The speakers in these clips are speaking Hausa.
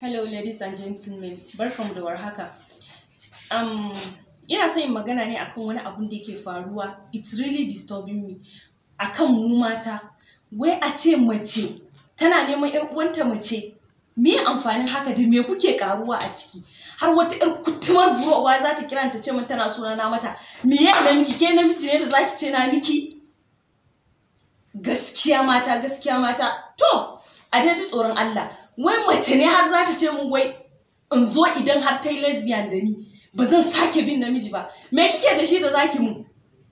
Hello ladies and gentlemen, barkanmu da warhaka. Um, ina son yin magana ne akan wani abun da yake faruwa, it's really disturbing me. Akan mu mata, wai a ce mace tana neman ƴar uwanta mace, me amfanin haka da me kuke karuwa a ciki? Har wata ƴar kutumar burowa za ta kira ta ce min tana suna na mata, me ya na miki ke namiji ne da zaki ce na miki? Gaskiya mata, gaskiya mata. To, a dai tsoron Allah wai mace ne har zaki ce mun wai in zo idan har ta yi lesbian da ni ba zan sake bin namiji ba me kike da shi da zaki mun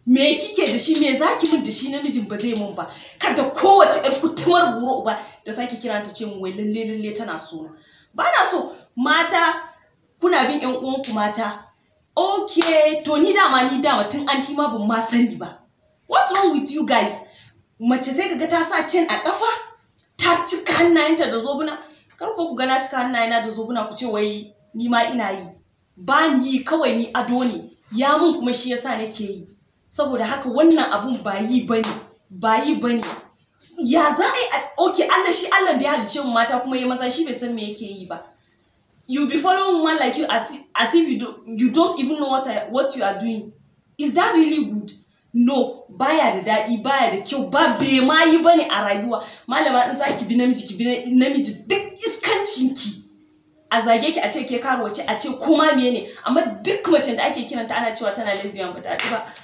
me kike da shi me zaki mun da shi namijin ba zai mun ba kada kowace yar kutumar buro uba da sake kira ta ce mun wai lalle lalle tana so na ba na so mata kuna bin yan uwanku mata okay to ni dama ni dama tun an hima ban ma sani ba what's wrong with you guys mace sai kaga ta sa cin a kafa ta cika hannayenta da zobuna kar ku ga na cika hannayena da zobuna ku ce wai ni ma ina yi ba ni yi kawai ni ado ne ya mun kuma shi yasa nake yi saboda haka wannan abun ba yi bane ba yi bane ya za a yi a oke Allah shi Allah da ya halice mu mata kuma ya maza shi bai san me yake yi ba you be following one like you as, as if you, do, you don't even know what you are doing is that really good no baya da daɗi baya da kyau ba bai ma yi ne a rayuwa malama in zaki bi namiji ki bi namiji duk iskancin ki a zage ki a ce ke karuwa ce a ce kuma ne amma duk macen da ake kiranta ana cewa tana lesbian ba ta ba